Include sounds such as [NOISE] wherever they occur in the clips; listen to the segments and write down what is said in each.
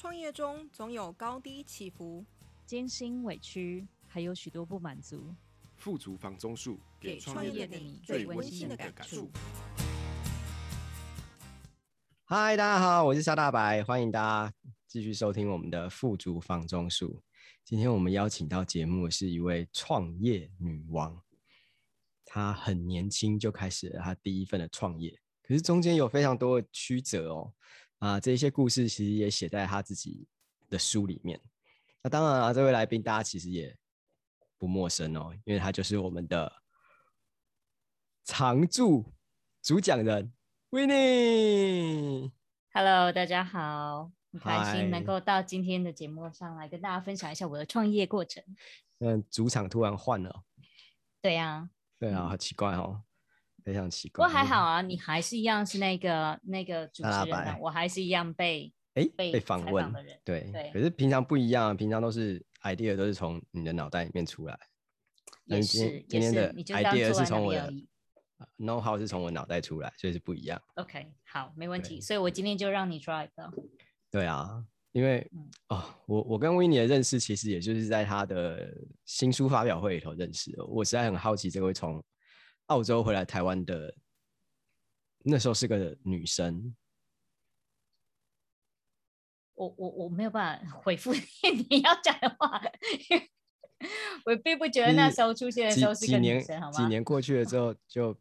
創業中總有高低起伏、艱辛委屈，還有許多不滿足。富足房中術給創業的你最溫馨的感受。嗨，大家好，我是沙大白，歡迎大家繼續收聽我們的富足房中術。今天我們邀請到節目的是一位創業女王，她很年輕就開始了她第一份的創業，可是中間有非常多的曲折哦。啊，這些故事其實也寫在他自己的書裡面。那當然了、啊，這位來賓大家其實也不陌生哦，因為他就是我們的常駐主講人 Winnie。Win Hello，大家好，很開心 Hi 能夠到今天的節目上來跟大家分享一下我的創業過程。嗯，主場突然換了。對呀。對啊，好、啊嗯、奇怪哦。非常奇怪，不過還好啊，你還是一樣是那個那個主持人、啊、拉拉我還是一樣被誒、欸、被訪被採訪的對對。對可是平常不一樣、啊，平常都是 idea 都是從你的腦袋裡面出來，也是也是，你今天做而已而已。know-how 是從我腦袋出來，欸、所以是不一樣。OK，好，沒問題，對所以我今天就讓你 drive。對啊，因為嗯啊、哦，我我跟維妮的認識其實也就是在他的新書發表會裡頭認識，我實在很好奇這個會從。澳洲回來台灣的，那時候是個女生。我我我沒有辦法回復你，你要講的話， [LAUGHS] 我並不覺得那時候出現的時候是個女生幾幾年，嗎幾年過去了之後，就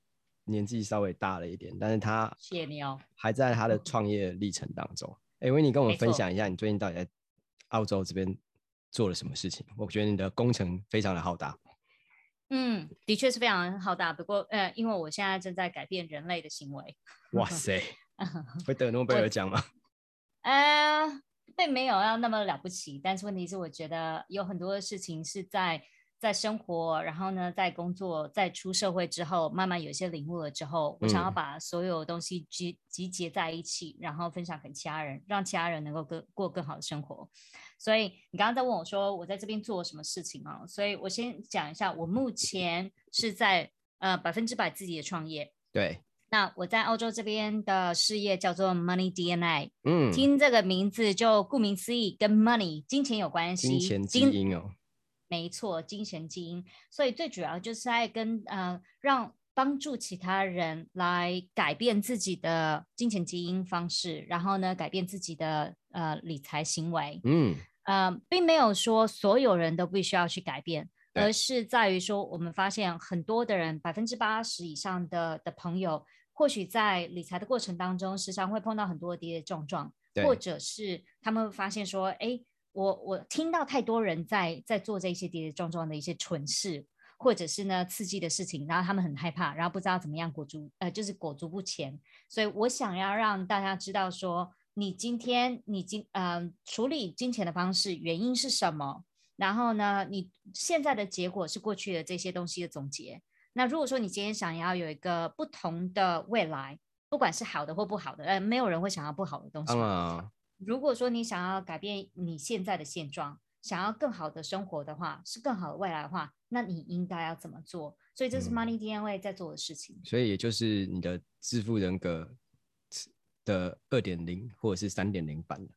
年紀稍微大了一點，但是她還在她的創業歷程當中。哎、哦，維妮、欸，跟我們分享一下你最近到底在澳洲這邊做了什麼事情？錯我覺得你的工程非常的浩大嗯，的確是非常好打。不過，呃，因為我現在正在改變人類的行為。哇塞！呵呵，會得諾貝爾獎嗎？呃，對，沒有要那麼了不起。但是問題是，我覺得有很多的事情是在在生活，然後呢，在工作，在出社會之後，慢慢有些領悟了之後，我想要把所有東西集集結在一起，然後分享給其他人，讓其他人能夠跟過更好的生活。所以你剛剛在問我，說我在這邊做什麼事情啊、哦？所以我先講一下，我目前是在呃，百分之百自己的創業。對。那我在澳洲這邊的事業叫做 Money DNA。嗯。聽這個名字就顧名思義，跟 money 金錢有關係。金錢基因、哦、金沒錯，金錢基因。所以最主要就是愛跟呃讓。幫助其他人來改變自己的金錢基因方式，然後呢，改變自己的呃理財行為。嗯，呃，並沒有說所有人都必須要去改變，對而是在於說，我們發現很多的人，百分之八十以上的的朋友，或許在理財的過程當中，時常會碰到很多跌跌撞撞，對或者是他們會發現說，哎，我我聽到太多人在在做這些跌跌撞撞的一些蠢事。或者是呢刺激的事情，然後他們很害怕，然後不知道怎麼樣裹足，呃，就是裹足不前。所以我想要讓大家知道說，你今天你今，呃，處理金錢的方式原因是什麼？然後呢，你現在的結果是過去的這些東西的總結。那如果說你今天想要有一個不同的未來，不管是好的或不好的，呃，沒有人會想要不好的東西。Oh no. 如果說你想要改變你現在的現狀。想要更好的生活的話，是更好的未來的話，那你應該要怎麼做？所以這是 Money DNA 在做的事情，嗯。所以也就是你的致富人格的二點零或者是三點零版，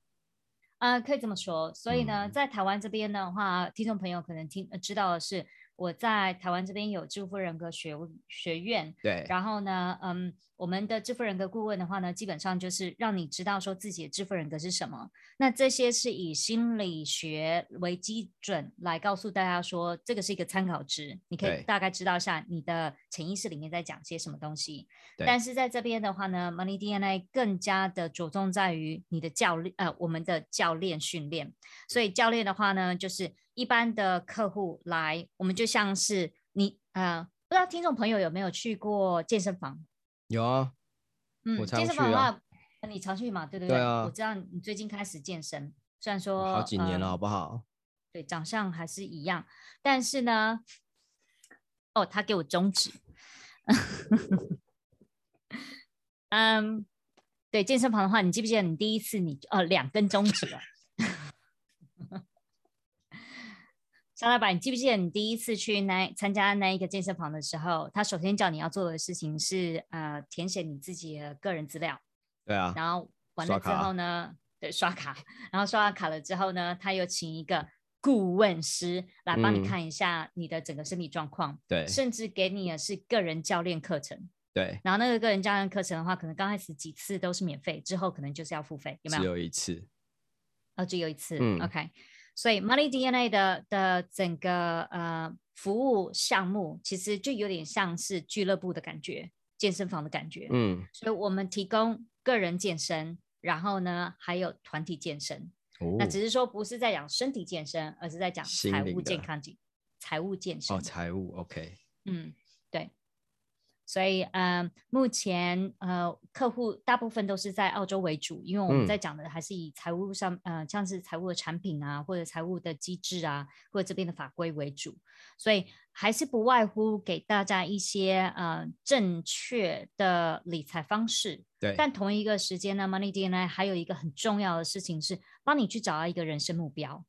呃、可以這麼說。所以呢，嗯、在台灣這邊的話，聽眾朋友可能聽、呃、知道的是。我在台灣這邊有致富人格學學院，對，然後呢，嗯，我們的致富人格顧問的話呢，基本上就是讓你知道說自己的致富人格是什麼。那這些是以心理學為基準來告訴大家說，這個是一個參考值，你可以大概知道一下你的潛意識裡面在講些什麼東西。對但是在這邊的話呢對，Money DNA 更加的着重在於你的教，呃，我們的教練訓練。所以教練的話呢，就是。一般的客戶來，我們就像是你啊、呃，不知道聽眾朋友有沒有去過健身房？有啊，嗯，我去啊、健身房的話，你常去嘛？對對對啊，我知道你最近開始健身，雖然說好幾年了，好不好、呃？對，長相還是一樣，但是呢，哦，他給我中指， [LAUGHS] 嗯，對，健身房的話，你記不記得你第一次你哦兩根中指了？ [LAUGHS] 張老闆，你記不記得你第一次去那參加那一個健身房的時候，他首先叫你要做的事情是呃填寫你自己的個人資料。對啊。然後完了之後呢，刷卡。對，刷卡。然後刷完卡了之後呢，他又請一個顧問師來幫你看一下你的整個身體狀況。嗯、對。甚至給你的是個人教練課程。對。然後那個個人教練課程的話，可能剛開始幾次都是免費，之後可能就是要付費，有沒有？只有一次。哦，只有一次。嗯。OK。所以 Money DNA 的的整個呃服務項目，其實就有點像是俱樂部的感覺，健身房的感覺。嗯，所以我們提供個人健身，然後呢還有團體健身。哦，那只是說不是在講身體健身，而是在講財務健康金，財務健身。哦，財務 OK。嗯。所以，嗯、呃，目前，呃，客戶大部分都是在澳洲為主，因為我們在講的還是以財務上，呃，像是財務的產品啊，或者財務的機制啊，或者這邊的法規為主，所以還是不外乎給大家一些，呃，正確的理財方式。對。但同一個時間呢，Money DNA 還有一個很重要的事情是，幫你去找到一個人生目標。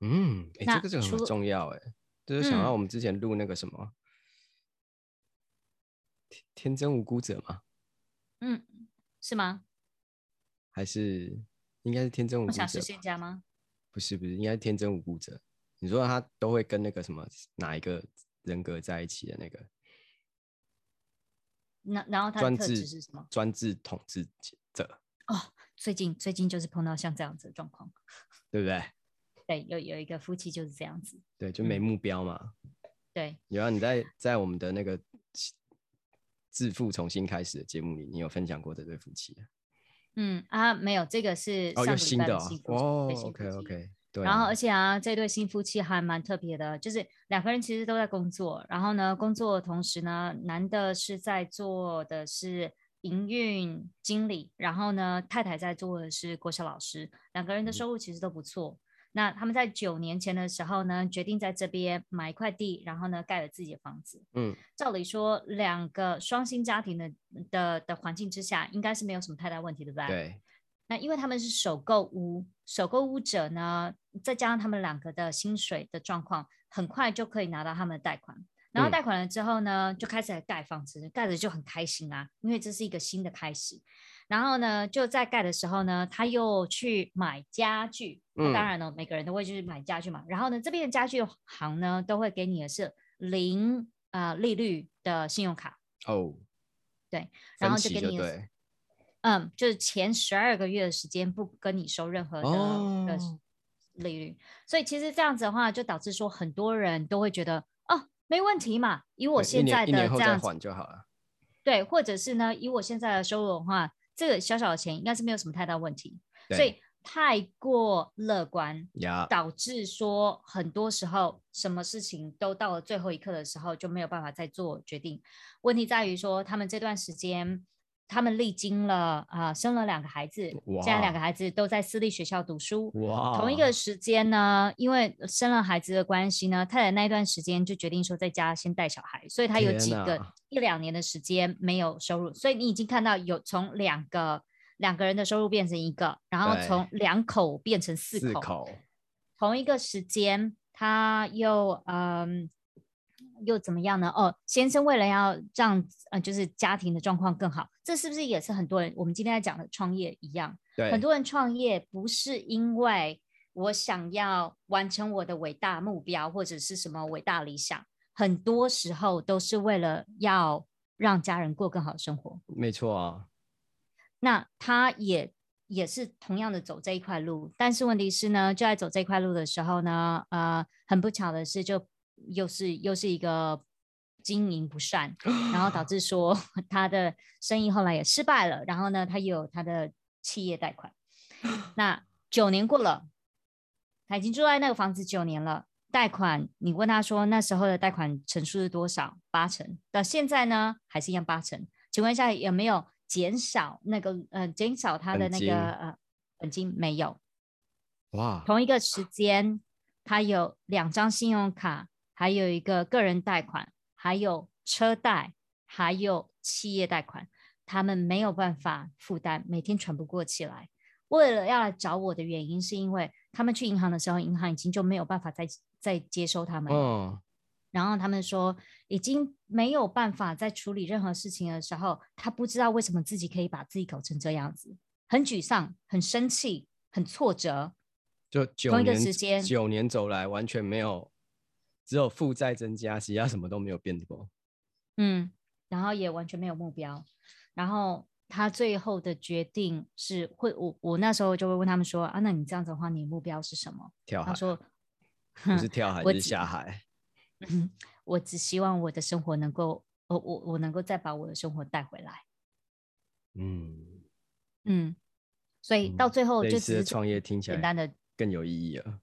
嗯，哎，這個真的很重要，誒，就是想到我們之前錄那個什麼。嗯天真無辜者嗎？嗯，是嗎？還是應該是天真無辜者？我想是仙家嗎？不是不是，應該是天真無辜者。你說他都會跟那個什麼哪一個人格在一起的那個？那然後他的特質是什麼？專制統治者。哦，最近最近就是碰到像這樣子的狀況， [LAUGHS] 對不對？對，有有一個夫妻就是這樣子。對，就沒目標嘛。嗯、對。然後、啊、你在在我們的那個。自富重新開始的節目裡，你有分享過這對夫妻啊？嗯啊，沒有，這個是上新的、哦、新的哦、oh，OK OK，對、啊。然後而且啊，這對新夫妻還蠻特別的，就是兩個人其實都在工作，然後呢，工作的同時呢，男的是在做的是營運經理，然後呢，太太在做的是國小老師，兩個人的收入其實都不錯。嗯那他們在九年前的時候呢，決定在這邊買一塊地，然後呢，蓋了自己的房子。嗯，照理說兩個雙薪家庭的的的環境之下，應該是沒有什麼太大問題，對不對？對。那因為他們是首購屋，首購屋者呢，再加上他們兩個的薪水的狀況，很快就可以拿到他們的貸款。然後貸款了之後呢，嗯、就開始來蓋房子，蓋着就很開心啊，因為這是一個新的開始。然後呢，就在蓋的時候呢，他又去買家具。那、嗯啊、當然了，每個人都會去買家具嘛。然後呢，這邊的家具行呢，都會給你的是零啊、呃、利率的信用卡哦，對，然後就給你，對嗯，就是前十二個月的時間不跟你收任何的，、哦、的利率。所以其實這樣子的話，就導致說很多人都會覺得哦，沒問題嘛，以我現在的這樣子就好了。對，或者是呢，以我現在的收入的話。這個小小的錢應該是沒有什麼太大問題，對所以太過樂觀，Yeah. 導致說很多時候什麼事情都到了最後一刻的時候就沒有辦法再做決定。問題在於說他們這段時間，他們歷經了啊、呃、生了兩個孩子，Wow. 現在兩個孩子都在私立學校讀書，Wow. 同一個時間呢，因為生了孩子的關係呢，太太那一段時間就決定說在家先帶小孩，所以他有幾個。一兩年的時間沒有收入，所以你已經看到有從兩個兩個人的收入變成一個，然後從兩口變成四口。四口，同一個時間，他又嗯，又怎麼樣呢？哦，先生為了要這樣子，呃，就是家庭的狀況更好，這是不是也是很多人我們今天要講的創業一樣？對，很多人創業不是因為我想要完成我的偉大目標或者是什麼偉大理想。很多時候都是為了要讓家人過更好的生活，沒錯啊。那他也也是同樣的走這一塊路，但是問題是呢，就在走這一塊路的時候呢，呃，很不巧的是，就又是又是一個經營不善，然後導致說他的生意後來也失敗了。然後呢，他又有他的企業貸款，那九年過了，他已經住在那個房子九年了。貸款，你問他說那時候的貸款成數是多少？八成。到現在呢？還是一樣八成？請問一下有沒有減少那個？呃，減少他的那個呃本金，呃本金沒有？哇！同一個時間，他有兩張信用卡，還有一個個人貸款，還有車貸，還有企業貸款，他們沒有辦法負擔，每天喘不過氣來。為了要來找我的原因，是因為他們去銀行的時候，銀行已經就沒有辦法再。在接收他們，哦、然後他們說已經沒有辦法再處理任何事情的時候，他不知道為什麼自己可以把自己搞成這樣子，很沮喪、很生氣、很挫折。就九年同一個時間，九年走來完全沒有，只有負債增加，其他什麼都沒有變過。嗯，然後也完全沒有目標。然後他最後的決定是會我我那時候就會問他們說啊，那你這樣子的話，你目標是什麼？跳海。他說。不是跳海就是下海，嗯我嗯，我只希望我的生活能夠，我我我能夠再把我的生活帶回來。嗯嗯，所以到最後，嗯，就只是創業聽起來簡單的更有意義了。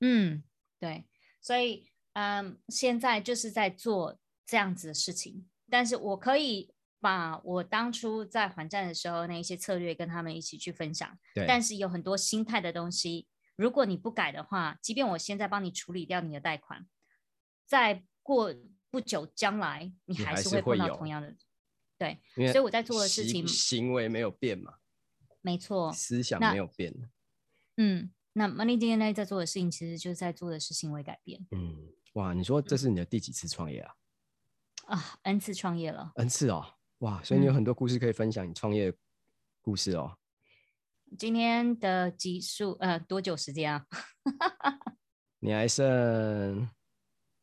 嗯，對，所以嗯，現在就是在做這樣子的事情，但是我可以把我當初在還債的時候那一些策略跟他們一起去分享。對，但是有很多心態的東西。如果你不改的話，即便我現在幫你處理掉你的貸款，再過不久將來，你還是會碰到同樣的。對，因為所以我在做的事情，行為沒有變嘛，沒錯，思想沒有變。嗯，那 Money DNA 在做的事情，其實就是在做的是行為改變。嗯，哇，你說這是你的第幾次創業啊？嗯、啊，n 次創業了，n 次哦，哇，所以你有很多故事可以分享，你創業故事哦。今天的集數，呃，多久時間啊？ [LAUGHS] 你還剩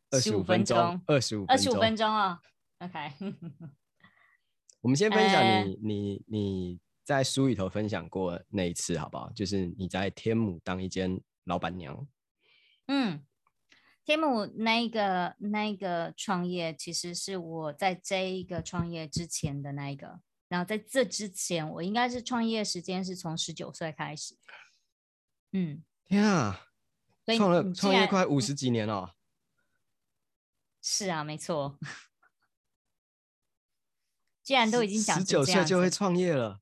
二十五分鐘，二十五，二十五分鐘哦。OK， [LAUGHS] 我們先分享你，欸、你，你在書裡頭分享過那一次，好不好？就是你在天母當一間老板娘。嗯，天母那一個，那一個創業，其實是我在這一個創業之前的那一個。然後在這之前，我應該是創業的時間是從十九歲開始。嗯，天啊，創了創業快五十幾年了、喔。是，是啊，沒錯。既然都已經想十。十九歲就會創業了，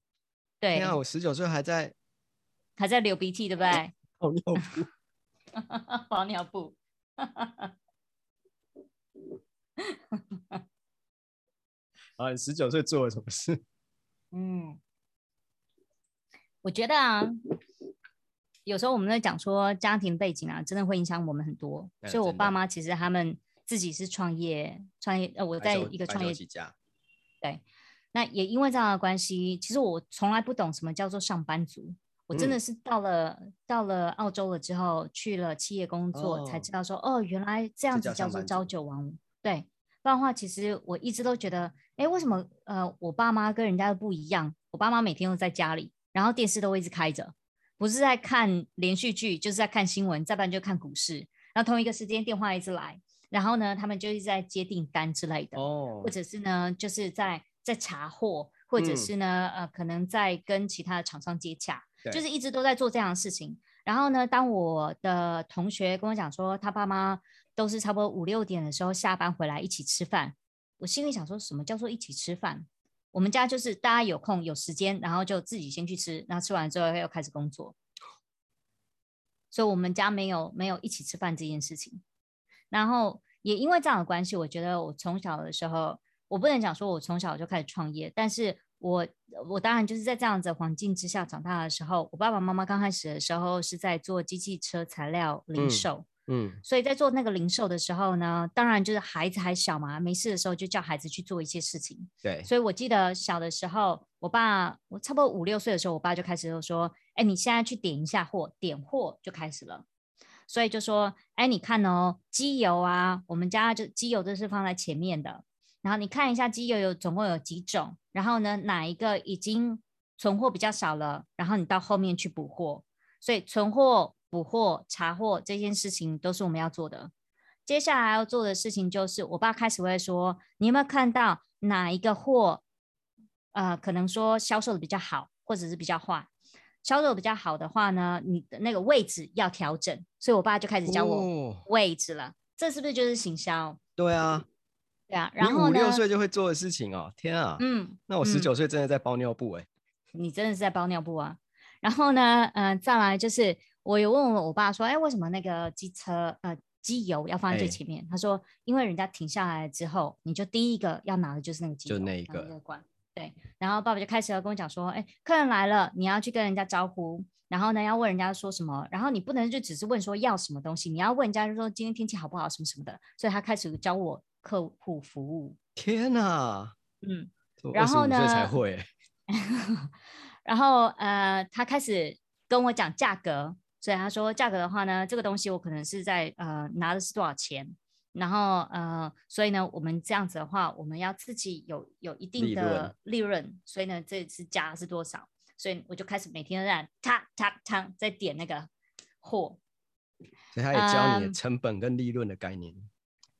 對，你看、啊、我十九歲還在還在流鼻涕，對不對？尿布，包 [LAUGHS] 尿布。啊， [LAUGHS] 你十九歲做了什麼事？我覺得啊，有時候我們在講說家庭背景啊，真的會影響我們很多。嗯、所以，我爸媽其實他們自己是創業，創業呃，我在一個創業，對，那也因為這樣的關係，其實我從來不懂什麼叫做上班族。我真的是到了，嗯、到了澳洲了之後，去了企業工作，哦，才知道說哦，原來這樣子叫做朝九晚五。對，不然的話，其實我一直都覺得，哎、欸，為什麼呃，我爸媽跟人家不一樣？我爸媽每天都在家裡。然後電視都一直開着，不是在看連續劇，就是在看新聞，再不然就看股市。然後同一個時間電話一直來，然後呢，他們就一直在接訂單之類的，或者是呢，就是在在查貨，或者是呢，嗯、呃，可能在跟其他的廠商接洽，對就是一直都在做這樣的事情。然後呢，當我的同學跟我講說，他爸媽都是差不多五六點的時候下班回來一起吃飯，我心裡想說，什麼叫做一起吃飯？我們家就是大家有空有時間，然後就自己先去吃，然後吃完之後又開始工作，所以我們家沒有沒有一起吃飯這件事情。然後也因為這樣的關係，我覺得我從小的時候，我不能講說我從小就開始創業，但是我我當然就是在這樣子的環境之下長大的時候，我爸爸媽媽剛開始的時候是在做機器車材料零售。嗯嗯，所以在做那個零售的時候呢，當然就是孩子還小嘛，沒事的時候就叫孩子去做一些事情。對，所以我記得小的時候，我爸我差不多五六歲的時候，我爸就開始就說：“哎、欸，你現在去點一下貨，點貨就開始了。”所以就說：“哎、欸，你看哦，機油啊，我們家就機油都是放在前面的。然後你看一下機油有總共有幾種，然後呢哪一個已經存貨比較少了，然後你到後面去補貨。所以存貨。”補貨、查貨這件事情都是我們要做的。接下來要做的事情就是，我爸開始會說：“你有沒有看到哪一個貨？呃，可能說銷售的比較好，或者是比較壞。銷售比較好的話呢，你的那個位置要調整。”所以，我爸就開始教我位置了。哦、這是不是就是行銷？對啊，對啊。然後呢，你五六歲就會做的事情哦、喔，天啊！嗯。那我十九歲真的在包尿布哎、欸嗯。你真的是在包尿布啊？然後呢？嗯、呃，再來就是。我有問我，我爸說，誒、哎，為什麼那個機車呃機油要放在最前面？欸、他說，因為人家停下來之後，你就第一個要拿的就是那個機油就那，一個那個對，然後爸爸就開始要跟我講說，哎，客人來了，你要去跟人家招呼，然後呢，要問人家說什麼，然後你不能就只是問說要什麼東西，你要問人家說今天天氣好不好什麼什麼的。所以他開始教我客戶服務。天哪，嗯，我然後呢？ [LAUGHS] 然後呃，他開始跟我講價格。對他說，價格的話呢，這個東西我可能是在呃拿的是多少錢，然後呃，所以呢我們這樣子的話，我們要自己有有一定的利潤，利潤利潤，所以呢這次加的是多少？所以我就開始每天都在 tap tap tap 在點那個貨。所以他也教你的成本跟利潤的概念。嗯，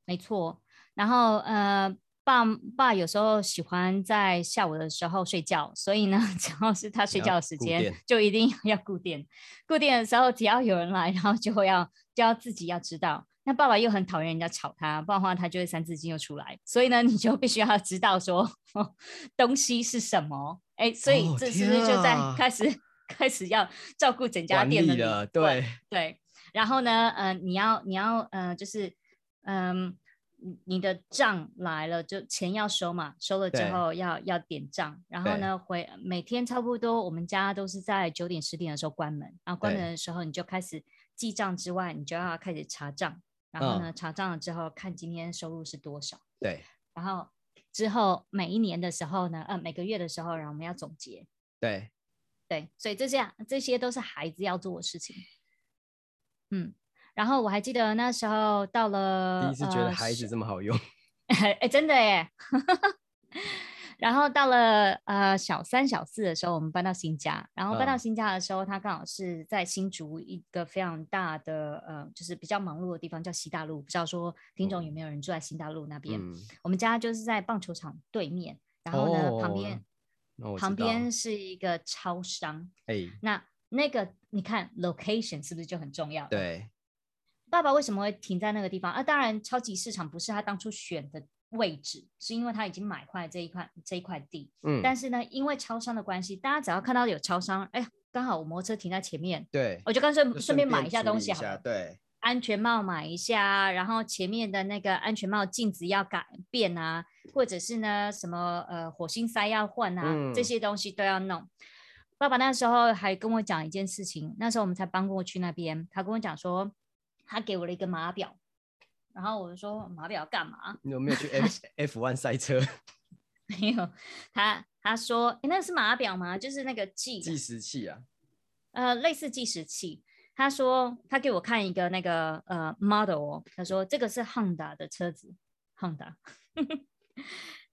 沒錯，然後呃。爸爸有時候喜歡在下午的時候睡覺，所以呢，只要是他睡覺的時間，就一定要固定。固定的時候，只要有人來，然後就要就要自己要知道。那爸爸又很討厭人家吵他，不然的話，他就會三字經又出來。所以呢，你就必須要知道說東西是什麼。哎，所以這是不是就在開始，Oh, dear. 開始要照顧整家店了？對對，對。然後呢，嗯、呃，你要你要呃，就是嗯。呃你的賬來了，就錢要收嘛，收了之後要對要點賬，然後呢，對回每天差不多，我們家都是在九點十點的時候關門，然後關門的時候你就開始記賬之外，對你就要開始查賬，然後呢，哦、查賬了之後看今天收入是多少，對，然後之後每一年的時候呢，呃，每個月的時候，然後我們要總結，對，對，所以就這樣，這些都是孩子要做的事情，嗯。然後我還記得那時候到了，第一次覺得孩子這麼好用，哎、呃，真的耶！ [LAUGHS] 然後到了呃小三小四的時候，我們搬到新家。然後搬到新家的時候，嗯、他剛好是在新竹一個非常大的呃，就是比較忙碌的地方，叫西大路。不知道說聽眾有沒有人住在西大路那邊？嗯、我們家就是在棒球場對面，然後呢、哦、旁邊旁邊是一個超商。哎嘿，那那個你看 location 是不是就很重要？對。爸爸為什麼會停在那個地方？啊，當然，超級市場不是他當初選的位置，是因為他已經買壞這一塊這一塊地。嗯，但是呢，因為超商的關係，大家只要看到有超商，哎，剛好我摩托車停在前面，對，我就乾脆順便買一下東西好了，好，對，安全帽買一下，然後前面的那個安全帽鏡子要改變啊，或者是呢，什麼呃火星塞要換啊，嗯、這些東西都要弄。爸爸那時候還跟我講一件事情，那時候我們才搬過去那邊，他跟我講說。他給我了一個碼表，然後我就說碼表幹嘛？你有沒有去 F [LAUGHS] F one 賽車？ [LAUGHS] 沒有。他他說，欸，那是碼表嗎？就是那個計計時器啊。呃，類似計時器。他說，他給我看一個那個呃 model 哦，他說這個是 Honda 的車子，Honda。 [LAUGHS]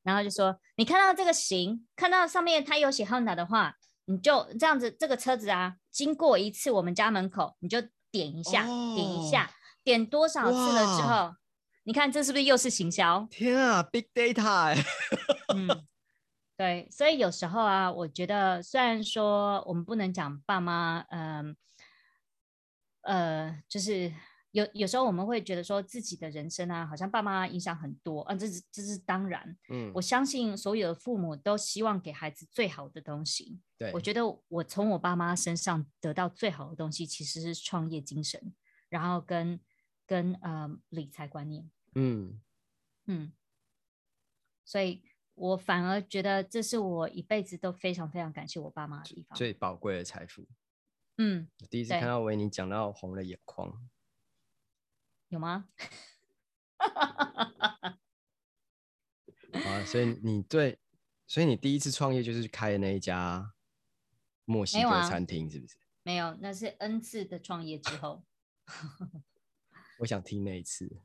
然後就說，你看到這個型，看到上面它有寫 Honda 的話，你就這樣子，這個車子啊，經過一次我們家門口，你就。點一下，oh, 點一下，點多少次了之後，哇你看這是不是又是行銷？天啊，Big Data！、哎、 [LAUGHS] 嗯，對，所以有時候啊，我覺得雖然說我們不能講爸媽，嗯、呃，呃，就是。有有時候我們會覺得說自己的人生啊，好像爸媽影響很多啊，這是這是當然。嗯，我相信所有的父母都希望給孩子最好的東西。對，我覺得我從我爸媽身上得到最好的東西，其實是創業精神，然後跟跟呃理財觀念。嗯嗯，所以我反而覺得這是我一輩子都非常非常感謝我爸媽的地方，最寶貴的財富。嗯，第一次看到維妮講到紅了眼眶。有嗎？ [LAUGHS] 啊？所以你對，所以你第一次創業就是去開的那一家墨西哥餐廳，啊、是不是？沒有，那是 N 次的創業之後。 [LAUGHS] 我想聽那一次。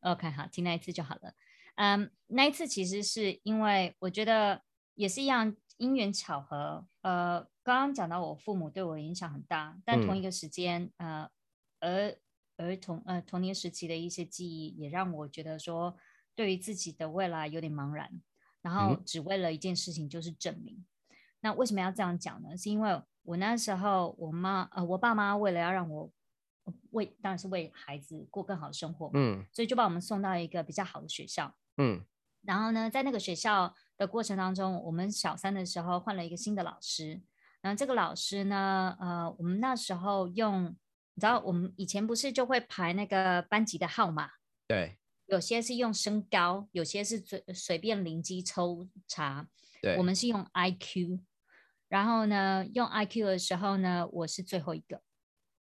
OK，好，聽那一次就好了。嗯、um,，那一次其實是因為我覺得也是一樣，因緣巧合。呃、uh,，剛剛講到我父母對我影響很大，但同一個時間，嗯、呃，而而同呃童年時期的一些記憶也讓我覺得說，對於自己的未來有點茫然，然後只為了一件事情就是證明。嗯、那為什麼要這樣講呢？是因為我那時候我媽呃我爸媽為了要讓我為當然是為孩子過更好的生活，嗯，所以就把我們送到一個比較好的學校，嗯。然後呢，在那個學校的過程當中，我們小三的時候換了一個新的老師，然後這個老師呢，呃，我們那時候用。你知道我們以前不是就會排那個班級的號碼？對，有些是用身高，有些是隨隨便隨機抽查。對，我們是用 IQ，然後呢，用 IQ 的時候呢，我是最後一個，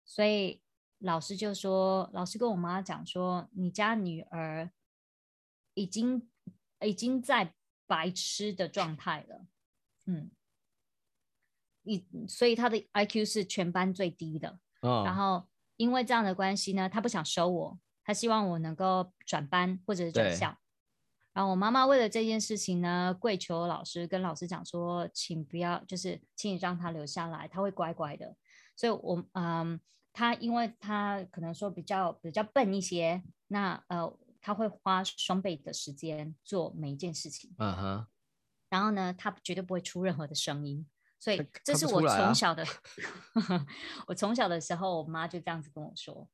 所以老師就說，老師跟我媽講說，你家女兒已經已經在白痴的狀態了，嗯，以所以他的 IQ 是全班最低的。然後，因為這樣的關係呢，他不想收我，他希望我能夠轉班或者是轉校。對然後我媽媽為了這件事情呢，跪求老師，跟老師講說，請不要，就是請你讓他留下來，他會乖乖的。所以我，嗯，他因為他可能說比較比較笨一些，那呃，他會花雙倍的時間做每一件事情。嗯哼。然後呢，他絕對不會出任何的聲音。所以這是我從小的，啊、 [LAUGHS] 我從小的時候，我媽就這樣子跟我說，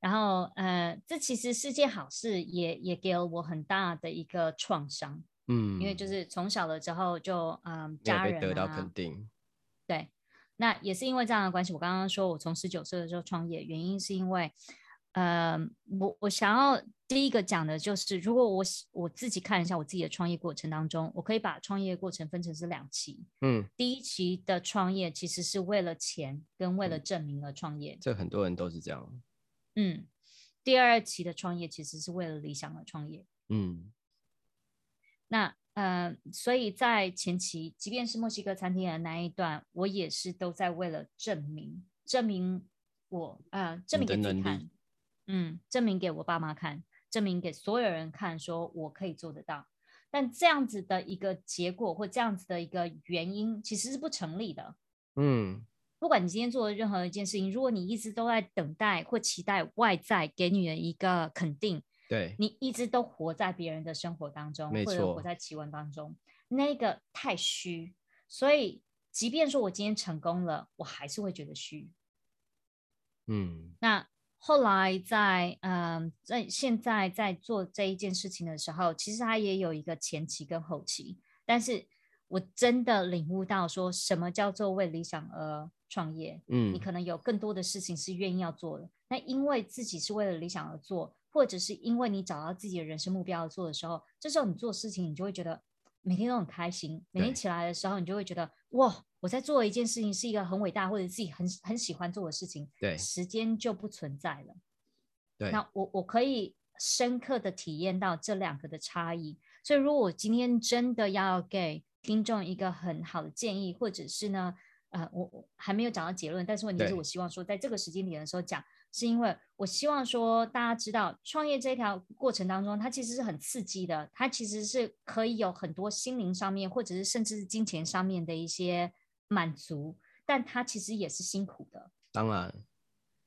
然後呃，這其實是件好事，也也給了我很大的一個創傷，嗯，因為就是從小的時候就嗯、呃，家人得到肯定，對，那也是因為這樣的關係，我剛剛說我從十九歲的時候創業，原因是因為。呃，我我想要第一個講的就是，如果我我自己看一下我自己的創業過程當中，我可以把創業過程分成是兩期。嗯，第一期的創業其實是為了錢跟為了證明而創業。嗯，這很多人都是這樣。嗯，第二期的創業其實是為了理想而創業。嗯，那呃，所以在前期，即便是墨西哥餐廳的那一段，我也是都在為了證明，證明我呃，證明給你看。你嗯，證明給我爸媽看，證明給所有人看，說我可以做得到。但這樣子的一個結果或這樣子的一個原因其實是不成立的。嗯，不管你今天做的任何一件事情，如果你一直都在等待或期待外在給你的一個肯定，對，你一直都活在別人的生活當中，沒錯。或者活在奇聞當中，那個太虛。所以，即便說我今天成功了，我還是會覺得虛。嗯，那。後來在嗯，在現在在做這一件事情的時候，其實它也有一個前期跟後期。但是我真的領悟到，說什麼叫做為理想而創業？嗯，你可能有更多的事情是願意要做的。那因為自己是為了理想而做，或者是因為你找到自己的人生目標而做的時候，這時候你做事情，你就會覺得每天都很開心。每天起來的時候，你就會覺得。哇，我在做一件事情，是一個很偉大或者自己很很喜歡做的事情，對，時間就不存在了。對，那我我可以深刻的體驗到這兩個的差異。所以，如果我今天真的要給聽眾一個很好的建議，或者是呢，呃，我我還沒有找到結論，但是問題是我希望說，在這個時間點的時候講。是因為我希望說，大家知道創業這條過程當中，它其實是很刺激的，它其實是可以有很多心靈上面，或者是甚至是金錢上面的一些滿足，但它其實也是辛苦的。當然，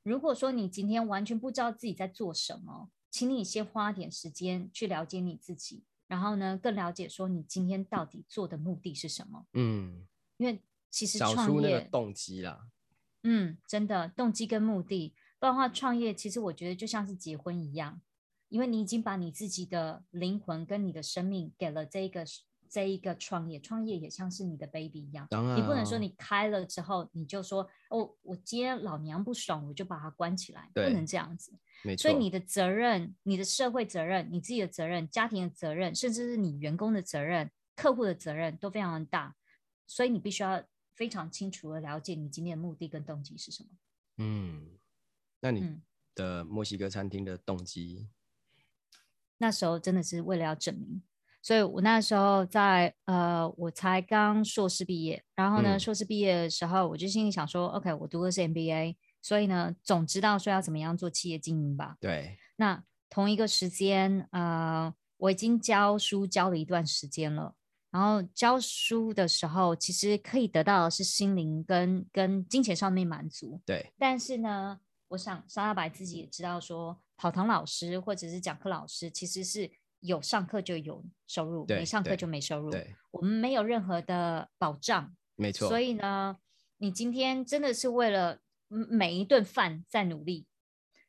如果說你今天完全不知道自己在做什麼，請你先花點時間去了解你自己，然後呢，更了解說你今天到底做的目的是什麼？嗯，因為其實找出那個動機啦。嗯，真的動機跟目的。不然的話，創業其實我覺得就像是結婚一樣，因為你已經把你自己的靈魂跟你的生命給了這一個這一個創業，創業也像是你的 baby 一樣。Uh uh. 你不能說你開了之後你就說哦，我今天老娘不爽，我就把它關起來，對不能這樣子。沒錯所以你的責任、你的社會責任、你自己的責任、家庭的責任，甚至是你員工的責任、客戶的責任都非常的大，所以你必須要非常清楚的了解你今天的目的跟動機是什麼？嗯。那你的墨西哥餐廳的動機？嗯，那時候真的是為了要證明，所以我那時候在呃，我才剛碩士畢業，然後呢，嗯，碩士畢業的時候我就心裡想說，OK，我讀的是 MBA，所以呢，總知道說要怎麼樣做企業經營吧。對。那同一個時間，呃，我已經教書教了一段時間了，然後教書的時候，其實可以得到的是心靈跟跟金錢上面滿足。對。但是呢，我想沙大白自己也知道說，說跑堂老師或者是講課老師，其實是有上課就有收入，沒對上課就沒收入。我們沒有任何的保障，沒錯錯。所以呢，你今天真的是為了每一頓飯在努力。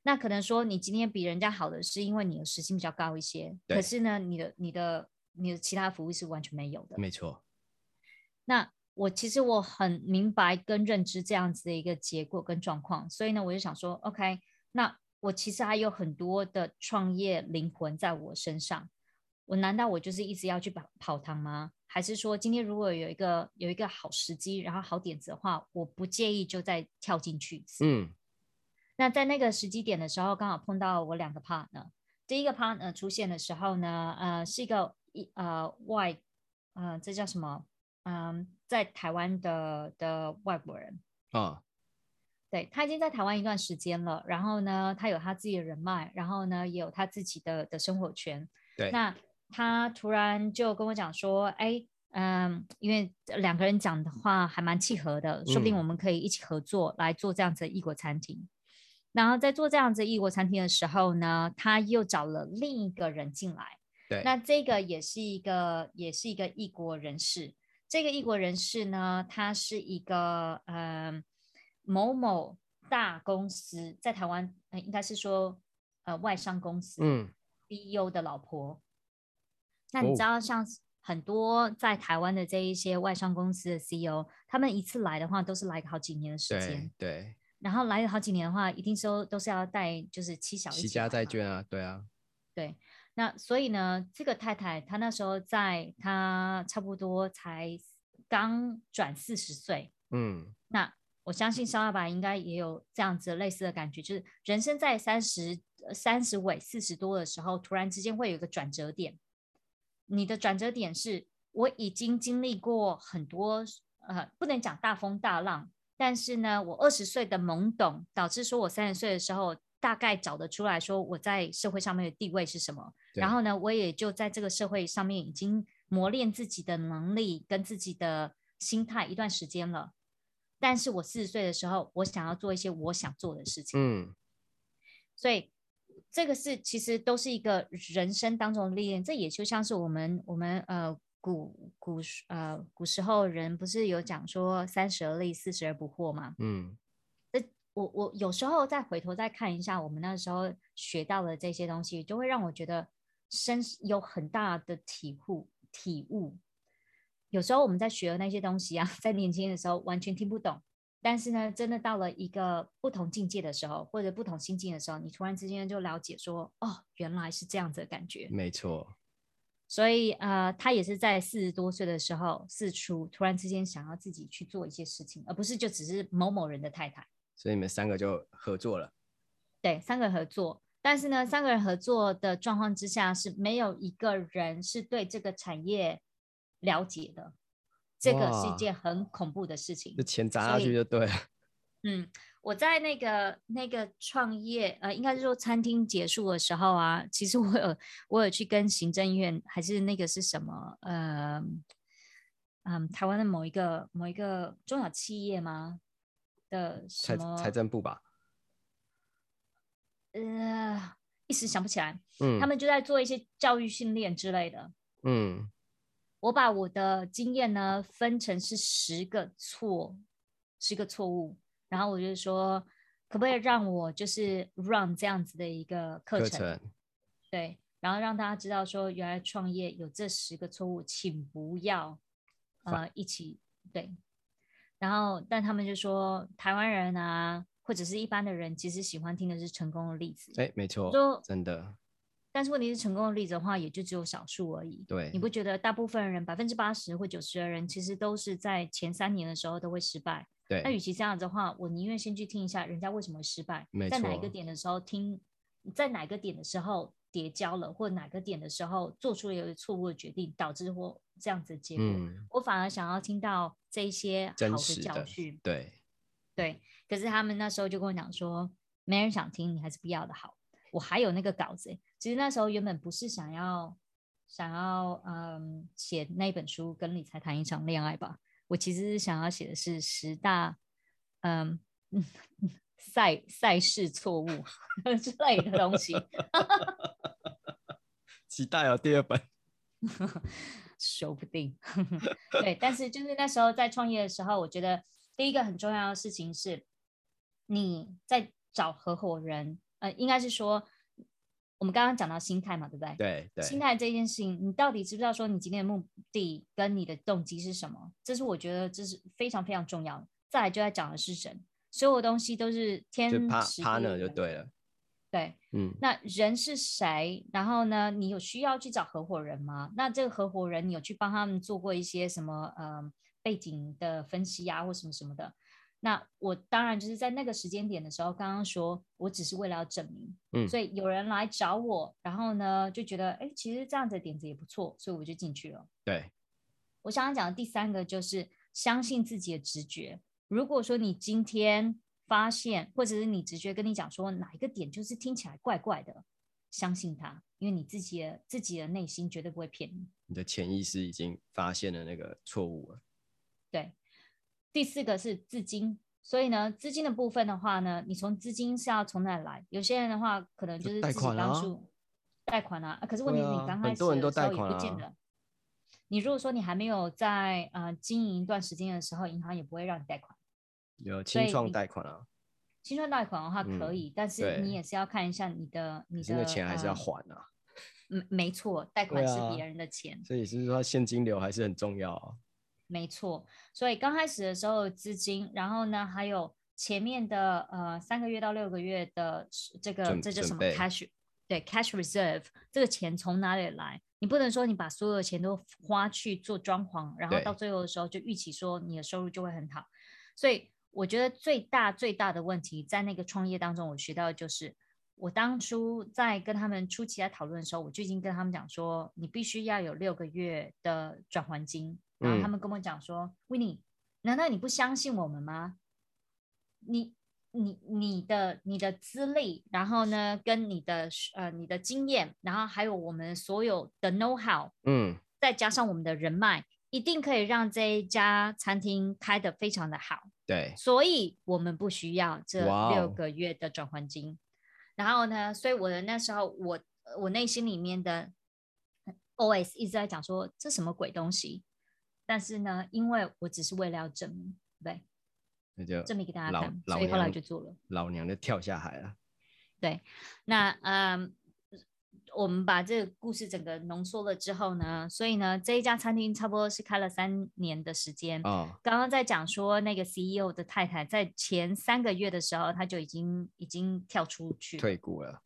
那可能說你今天比人家好的，是因為你的時薪比較高一些，對可是呢，你的、你的、你的其他服務是完全沒有的，沒錯錯。那。我其實我很明白跟認知這樣子的一個結果跟狀況，所以呢，我就想說，OK，那我其實還有很多的創業靈魂在我身上，我難道我就是一直要去跑跑堂嗎？還是說，今天如果有一個有一個好時機，然後好點子的話，我不介意就再跳進去一次。嗯，那在那個時機點的時候，剛好碰到我兩個 partner，第一個 partner 出現的時候呢，呃，是一個一呃外，Why? 呃，這叫什麼？嗯，um。在台灣的的外國人啊，對，他已經在台灣一段時間了。然後呢，他有他自己的人脈，然後呢，也有他自己的的生活圈。對，那他突然就跟我講說：“哎、欸，嗯，因為兩個人講的話還蠻契合的，說不定我們可以一起合作來做這樣子異國餐廳。”嗯，然後在做這樣子異國餐廳的時候呢，他又找了另一個人進來。對，那這個也是一個也是一個異國人士。這個異國人士呢，他是一個嗯、呃、某某大公司在台灣、呃，應該是說呃外商公司嗯 CEO 的老婆。那你知道，像很多在台灣的這一些外商公司的 C E O，哦、他們一次來的話都是來個好幾年的時間。對。對，然後來了好幾年的話，一定說都是要帶就是妻小、啊、家在眷啊，對啊。對。那所以呢，這個太太她那時候在，她差不多才剛轉四十歲，嗯，那我相信沙大白應該也有這樣子類似的感覺，就是人生在三十三十尾四十多的時候，突然之間會有一個轉折點。你的轉折點是，我已經經歷過很多，呃，不能講大風大浪，但是呢，我二十歲的懵懂導致說我三十歲的時候。大概找得出來說我在社會上面的地位是什麼，對然後呢，我也就在這個社會上面已經磨練自己的能力跟自己的心態一段時間了。但是我四十歲的時候，我想要做一些我想做的事情。嗯，所以這個是其實都是一個人生當中的歷練。這也就像是我們我們呃古古呃古時候人不是有講說三十而立，四十而不惑嘛？嗯。我我有時候再回頭再看一下我們那時候學到的這些東西，就會讓我覺得身有很大的體悟體悟。有時候我們在學的那些東西啊，在年輕的時候完全聽不懂，但是呢，真的到了一個不同境界的時候，或者不同心境的時候，你突然之間就了解說，哦，原來是這樣子的感覺。沒錯。所以呃，他也是在四十多歲的時候，四處突然之間想要自己去做一些事情，而不是就只是某某人的太太。所以你們三個就合作了，對，三個合作，但是呢，三個人合作的狀況之下是沒有一個人是對這個產業了解的，哇這個是一件很恐怖的事情。這錢砸下去所以就對了。嗯，我在那個那個創業，呃，應該是說餐廳結束的時候啊，其實我有我有去跟行政院還是那個是什麼，呃，嗯、呃，台灣的某一個某一個中小企業嗎？的財財政部吧，呃，一時想不起來。嗯，他們就在做一些教育訓練之類的。嗯，我把我的經驗呢分成是十個錯，十個錯誤。然後我就說，可不可以讓我就是 run 這樣子的一個課程？對，然後讓大家知道說，原來創業有這十個錯誤，請不要呃一起對。然後，但他們就說台灣人啊，或者是一般的人，其實喜歡聽的是成功的例子。哎，沒錯，說真的。但是問題是，成功的例子的話，也就只有少數而已。對，你不覺得大部分人，百分之八十或九十的人，其實都是在前三年的時候都會失敗。對。那與其這樣子的話，我寧願先去聽一下人家為什麼會失敗，沒錯。在哪一個點的時候聽，在哪個點的時候。疊交了，或哪個點的時候做出了一個錯誤的決定，導致或這樣子的結果，嗯、我反而想要聽到這一些好的教訓。對，對。可是他們那時候就跟我講說，沒人想聽，你還是不要的好。我還有那個稿子。其實那時候原本不是想要想要嗯寫那本書，跟理財談一場戀愛吧。我其實是想要寫的是十大嗯。嗯賽賽事錯誤之類的東西， [LAUGHS] 期待哦，第二本， [LAUGHS] 說不定。 [LAUGHS] 對，但是就是那時候在創業的時候，我覺得第一個很重要的事情是，你在找合夥人，呃，應該是說，我們剛剛講到心態嘛，對不對？對對，對心態這件事情，你到底知不知道說你今天的目的跟你的動機是什麼？這是我覺得這是非常非常重要的。再來就要講的是神。所有的東西都是天塌了，就對了，對，嗯，那人是誰？然後呢，你有需要去找合夥人嗎？那這個合夥人你有去幫他們做過一些什麼呃背景的分析啊，或什麼什麼的？那我當然就是在那個時間點的時候，剛剛說我只是為了要證明，嗯，所以有人來找我，然後呢就覺得哎，其實這樣子的點子也不錯，所以我就進去了。對，我想要講的第三個就是相信自己的直覺。如果說你今天發現，或者是你直覺跟你講說哪一個點就是聽起來怪怪的，相信他，因為你自己的自己的內心絕對不會騙你，你的潛意識已經發現了那個錯誤了。對，第四個是資金，所以呢，資金的部分的話呢，你從資金是要從哪來？有些人的話可能就是自己就貸款了，啊，貸款啊，啊。可是問題是你剛開始，很多人都貸款了。啊。你如果說你還沒有在呃經營一段時間的時候，銀行也不會讓你貸款。有青創貸款啊，青創貸款的話可以，嗯、但是你也是要看一下你的,對你,的你的錢還是要還啊。嗯，沒錯，貸款是別人的錢，啊、所以是,是說現金流還是很重要啊。沒錯，所以剛開始的時候資金，然後呢，還有前面的呃三個月到六個月的這個準這叫什麼 cash？備對，cash reserve 這個錢從哪裡來？你不能說你把所有的錢都花去做裝潢，然後到最後的時候就預期說你的收入就會很好，對所以。我覺得最大最大的問題在那個創業當中，我學到的就是，我當初在跟他們初期在討論的時候，我就已經跟他們講說，你必須要有六個月的轉還金。然後他們跟我講說，Winnie，難道你不相信我們嗎？你你你的你的資歷，然後呢，跟你的呃你的經驗，然後還有我們所有的 know how，嗯，再加上我們的人脈，一定可以讓這一家餐廳開得非常的好。對，所以我們不需要這六個月的轉換金，Wow 然後呢，所以我的那時候我，我我內心裡面的 OS 一直在講說，這什麼鬼東西？但是呢，因為我只是為了要證明，對，對，那就證明給大家看，所以後來就做了，老娘，老娘就跳下海了。對，那嗯。Um, 我們把這個故事整個濃縮了之後呢，所以呢，這一家餐廳差不多是開了三年的時間。哦。Oh. 剛剛在講說那個 CEO 的太太在前三個月的時候，他就已經已經跳出去退股了。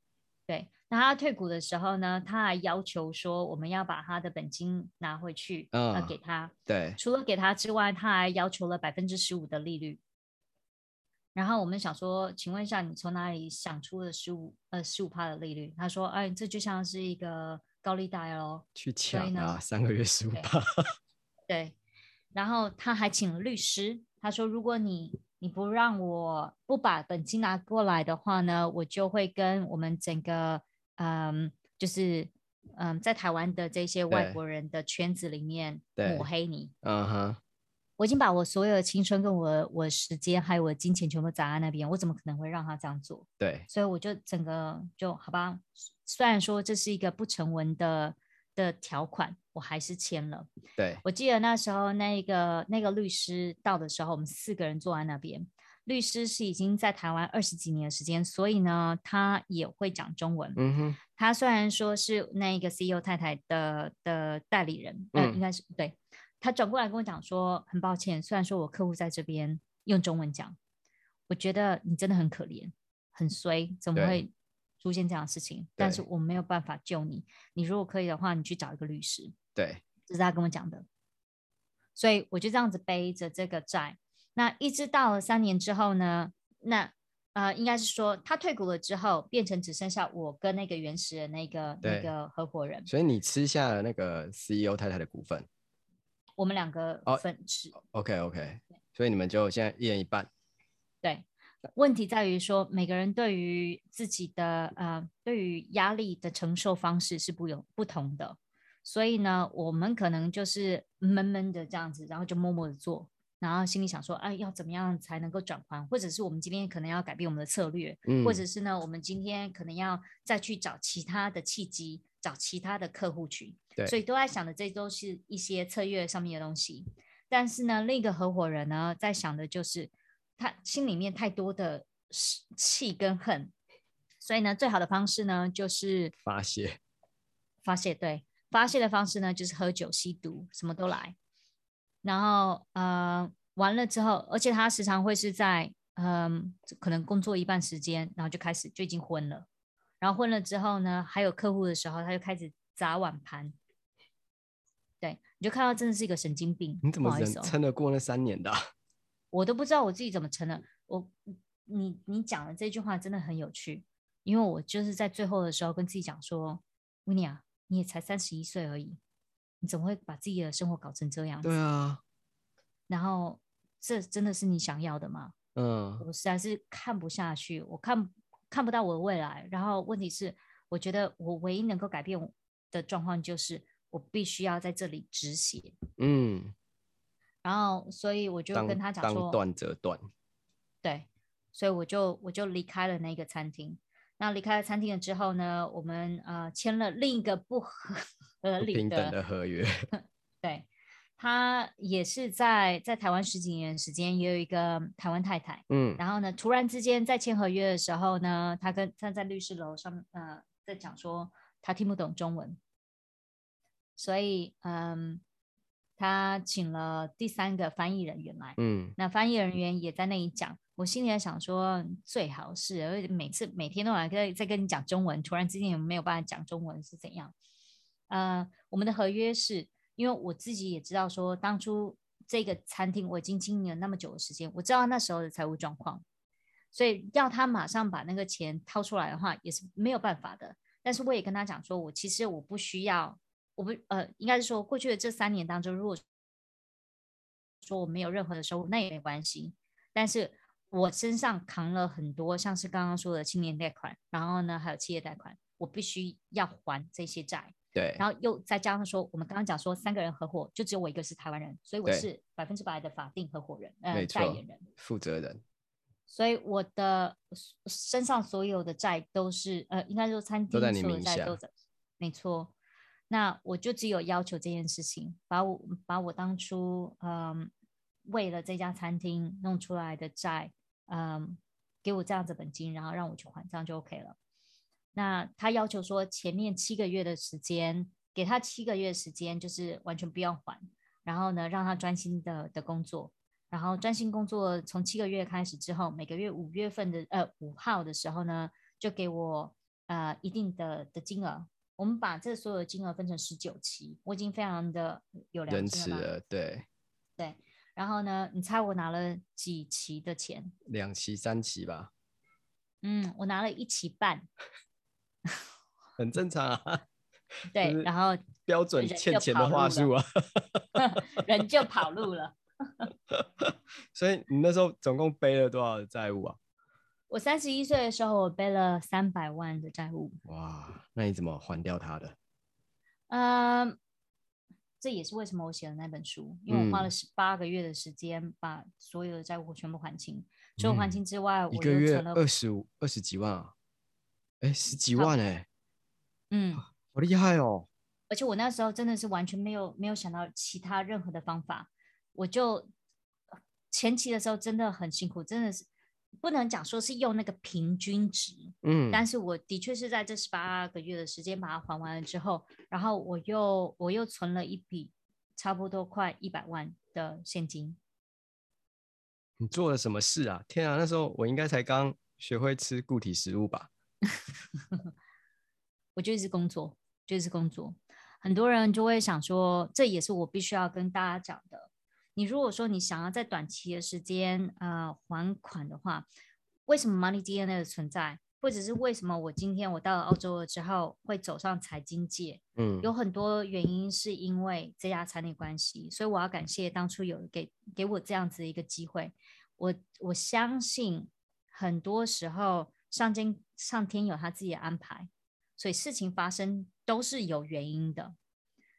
對。那他退股的時候呢，他還要求說，我們要把他的本金拿回去，啊，oh. 給他。對。除了給他之外，他還要求了百分之十五的利率。然後我們想說，請問一下，你從哪裡想出的十五呃十五趴的利率他說，哎，這就像是一個高利貸哦。去搶啊，三個月十五趴。對，然後他還請了律師，他說，如果你你不讓我不把本金拿過來的話呢，我就會跟我們整個嗯，就是嗯在台灣的這些外國人的圈子裡面抹黑你。嗯哼。我已經把我所有的青春跟我的我的時間還有我的金錢全部砸在那邊，我怎麼可能會讓他這樣做？對，所以我就整個就好吧。雖然說這是一個不成文的的條款，我還是簽了。對，我記得那時候那個那個律師到的時候，我們四個人坐在那邊。律師是已經在台灣二十幾年的時間，所以呢，他也會講中文。嗯哼，他雖然說是那個 CEO 太太的的代理人，嗯、呃，應該是對。他轉過來跟我講說：“很抱歉，雖然說我客戶在這邊用中文講，我覺得你真的很可憐，很衰，怎麼會出現這樣的事情？對但是我沒有辦法救你。你如果可以的話，你去找一個律師。”對，這是他跟我講的。所以我就這樣子背着這個債。那一直到了三年之後呢，那啊、呃，應該是說他退股了之後，變成只剩下我跟那個原始的那個對那個合夥人。所以你吃下了那個 CEO 太太的股份。我們兩個分吃、oh，OK OK，對。所以你們就現在一人一半。對，問題在於說每個人對於自己的呃，對於壓力的承受方式是不有不同的，所以呢，我們可能就是悶悶的這樣子，然後就默默的做，然後心裡想說，哎、啊，要怎麼樣才能夠轉換，或者是我們今天可能要改變我們的策略，嗯、或者是呢，我們今天可能要再去找其他的契機。找其他的客戶群，對所以都在想的，這都是一些策略上面的東西。但是呢，另一個合夥人呢，在想的就是他心裡面太多的氣跟恨，所以呢，最好的方式呢，就是發洩，發洩，對，發洩的方式呢，就是喝酒、吸毒，什麼都來。然後嗯、呃，完了之後，而且他時常會是在嗯、呃，可能工作一半時間，然後就開始就已經昏了。然後混了之後呢，還有客戶的時候，他就開始砸碗盤，對，你就看到真的是一個神經病。你怎麼能撐得過那三年的啊？我都不知道我自己怎麼撐的。我，你，你講的這句話真的很有趣，因為我就是在最後的時候跟自己講說：“維妮你也才三十一歲而已，你怎麼會把自己的生活搞成這樣子？”對啊。然後，這真的是你想要的嗎？嗯，我實在是看不下去，我看。看不到我的未來，然後問題是，我覺得我唯一能夠改變的狀況就是我必須要在這裡止血。嗯，然後所以我就跟他講說，斷則斷。對，所以我就我就離開了那個餐廳。那離開了餐廳了之後呢，我們呃簽了另一個不合合理的，的合約。 [LAUGHS] 對。他也是在在台灣十幾年時間，也有一個台灣太太。嗯，然後呢，突然之間在簽合約的時候呢，他跟他在律師樓上，呃，在講說他聽不懂中文，所以嗯，他請了第三個翻譯人員來。嗯，那翻譯人員也在那裡講，我心裡在想說，最好是，而且每次每天都要在在跟你講中文，突然之間也沒有辦法講中文是怎樣？呃，我們的合約是。因為我自己也知道說，當初這個餐廳我已經經營了那麼久的時間，我知道那時候的財務狀況，所以要他馬上把那個錢掏出來的話，也是沒有辦法的。但是我也跟他講說，我其實我不需要，我不呃，應該是說過去的這三年當中，如果說我沒有任何的收入，那也沒關係。但是我身上扛了很多，像是剛剛說的青年貸款，然後呢，還有企業貸款。我必須要還這些債，對，然後又再加上說，我們剛剛講說三個人合夥，就只有我一個是台灣人，所以我是百分之百的法定合夥人，對呃，錯代言人、負責人，所以我的身上所有的債都是，呃，應該說餐廳所有的債都在你名下，沒錯。那我就只有要求這件事情，把我把我當初嗯為了這家餐廳弄出來的債，嗯，給我這樣子的本金，然後讓我去還，這樣就 OK 了。那他要求說，前面七個月的時間給他七個月時間，就是完全不要還，然後呢，讓他專心的的工作，然後專心工作從七個月開始之後，每個月五月份的呃五號的時候呢，就給我呃一定的的金額，我們把這所有的金額分成十九期，我已經非常的有良心了,了，對對，然後呢，你猜我拿了幾期的錢？兩期三期吧？嗯，我拿了一期半。 [LAUGHS] 很正常啊。 [LAUGHS] 對，然後標準欠錢的話術啊，就 [LAUGHS] 人就跑路了。 [LAUGHS] [LAUGHS] 所以你那時候總共背了多少債務啊？我三十一歲的時候，我背了三百萬的債務。哇，那你怎麼還掉他的？嗯，這也是為什麼我寫了那本書，因為我花了十八個月的時間把所有的債務全部還清。嗯、除了還清之外，一個月二十五、二十幾萬啊。哎，十幾萬哎，嗯，好厲害哦！而且我那時候真的是完全沒有沒有想到其他任何的方法，我就前期的時候真的很辛苦，真的是不能講說是用那個平均值，嗯，但是我的確是在這十八個月的時間把它還完了之後，然後我又我又存了一筆差不多快一百萬的現金。你做了什麼事啊？天啊，那時候我應該才剛學會吃固體食物吧？ [LAUGHS] 我就一直工作，就是工作。很多人就會想說，這也是我必須要跟大家講的。你如果說你想要在短期的時間呃還款的話，為什麼 Money DNA 的存在，或者是為什麼我今天我到了澳洲了之後會走上財經界？嗯，有很多原因是因為這家財團關係，所以我要感謝當初有給給我這樣子一個機會。我我相信很多時候。上天，上天有他自己的安排，所以事情發生都是有原因的。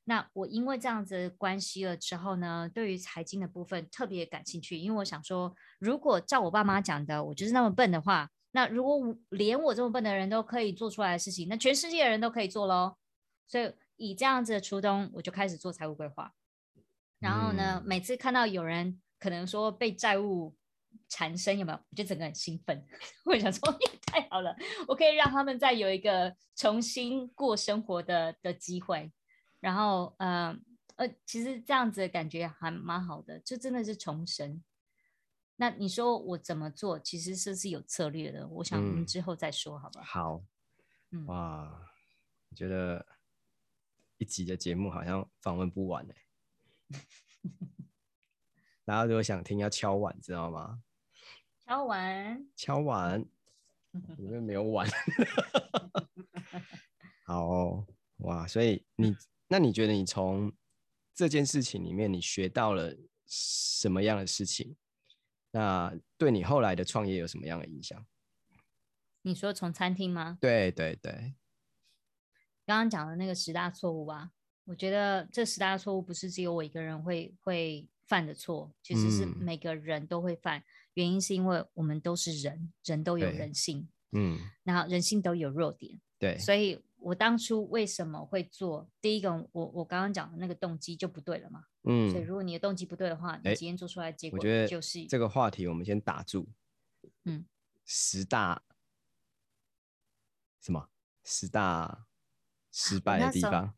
那我因為這樣子關係了之後呢，對於財經的部分特別感興趣，因為我想說，如果照我爸媽講的，我就是那麼笨的話，那如果連我這麼笨的人都可以做出來的事情，那全世界的人都可以做咯。所以以這樣子初衷，我就開始做財務規劃。然後呢，每次看到有人可能說被債務。產生有沒有？我覺得整個很興奮， [LAUGHS] 我也想說也太好了，我可以讓他們再有一個重新過生活的的機會。然後，嗯、呃，呃，其實這樣子的感覺還蠻好的，就真的是重生。那你說我怎麼做？其實是是有策略的，我想我們之後再說，好吧、嗯？好，嗯、哇，我覺得一集的節目好像訪問不完哎。 [LAUGHS] 然後如果想聽，要敲碗，知道嗎？敲碗，敲碗，裡面沒有碗。好哇，所以你那你覺得你從這件事情裡面你學到了什麼樣的事情？那對你後來的創業有什麼樣的影響？你說從餐廳嗎？對對對，對對剛剛講的那個十大錯誤吧，我覺得這十大錯誤不是只有我一個人會會。犯的錯其實、就是、是每個人都會犯，嗯、原因是因為我們都是人，人都有人性，嗯，那人性都有弱點，對，所以我當初為什麼會做第一個我，我我剛剛講的那個動機就不對了嘛，嗯，所以如果你的動機不對的話，你今天做出來的結果就是、欸、這個話題我們先打住，嗯，十大什麼十大失敗的地方，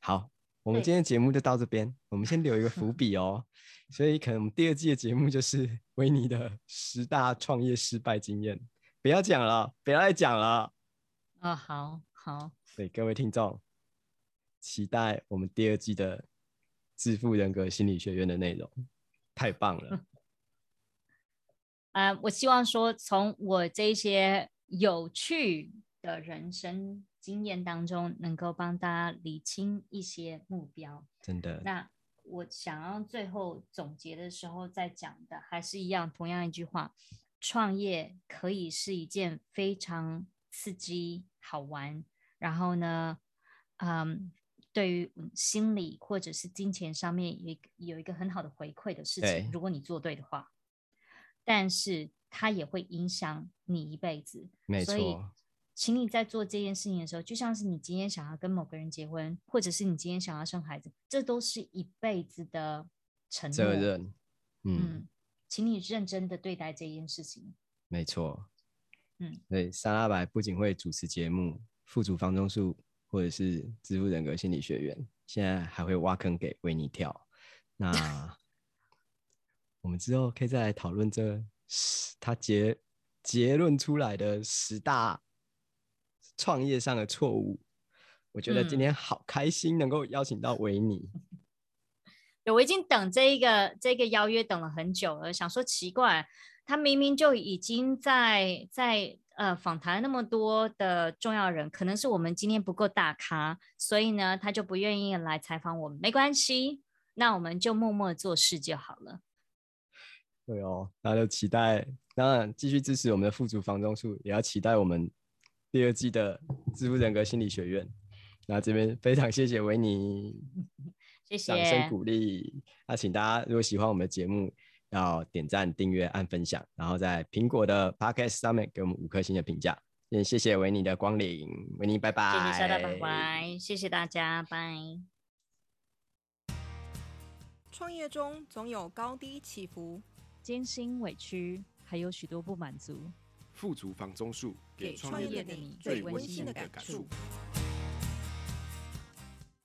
好。我們今天節目就到這邊，對我們先留一個伏筆哦、喔。 [LAUGHS] 所以可能我們第二季的節目就是維妮的十大創業失敗經驗，不要講了，不要再講了。啊、哦，好，好，所以各位聽眾，期待我們第二季的致富人格心理學院的內容，太棒了。啊、嗯呃，我希望說從我這些有趣的人生，經驗當中能夠幫大家理清一些目標，真的。那我想要最後總結的時候再講的，還是一樣，同樣一句話：創業可以是一件非常刺激、好玩，然後呢，嗯，對於心理或者是金錢上面也有一個很好的回饋的事情。對如果你做對的話，但是它也會影響你一輩子。沒錯。所以請你在做這件事情的時候，就像是你今天想要跟某個人結婚，或者是你今天想要生孩子，這都是一輩子的責任。嗯，請你認真的對待這件事情。沒錯。嗯，對。沙大白不僅會主持節目，富足房中術，或者是支付人格心理學院，現在還會挖坑給維妮跳。那 [LAUGHS] 我們之後可以再來討論，這他結結論出來的十大。創業上的錯誤，我覺得今天好開心能夠邀請到維妮。嗯、對，我已經等這一個這一個邀約等了很久了，想說奇怪，他明明就已經在在呃訪談那麼多的重要人，可能是我們今天不夠大咖，所以呢他就不願意來採訪我們。沒關係，那我們就默默做事就好了。對哦，那就期待，當然繼續支持我們的富足房中術，也要期待我們第二季的《致富人格心理學院》，那這邊非常謝謝維尼，謝謝掌聲鼓勵。那請大家如果喜歡我們的節目，要點讚、訂閱、按分享，然後在蘋果的 Podcast 上面給我們五顆星的評價。也謝謝維尼的光臨，維尼拜拜，謝謝沙大拜拜，謝謝大家，拜、拜。創業中總有高低起伏、艱辛、委屈，還有許多不滿足。富足房中術，給創業的人最溫馨的感觸。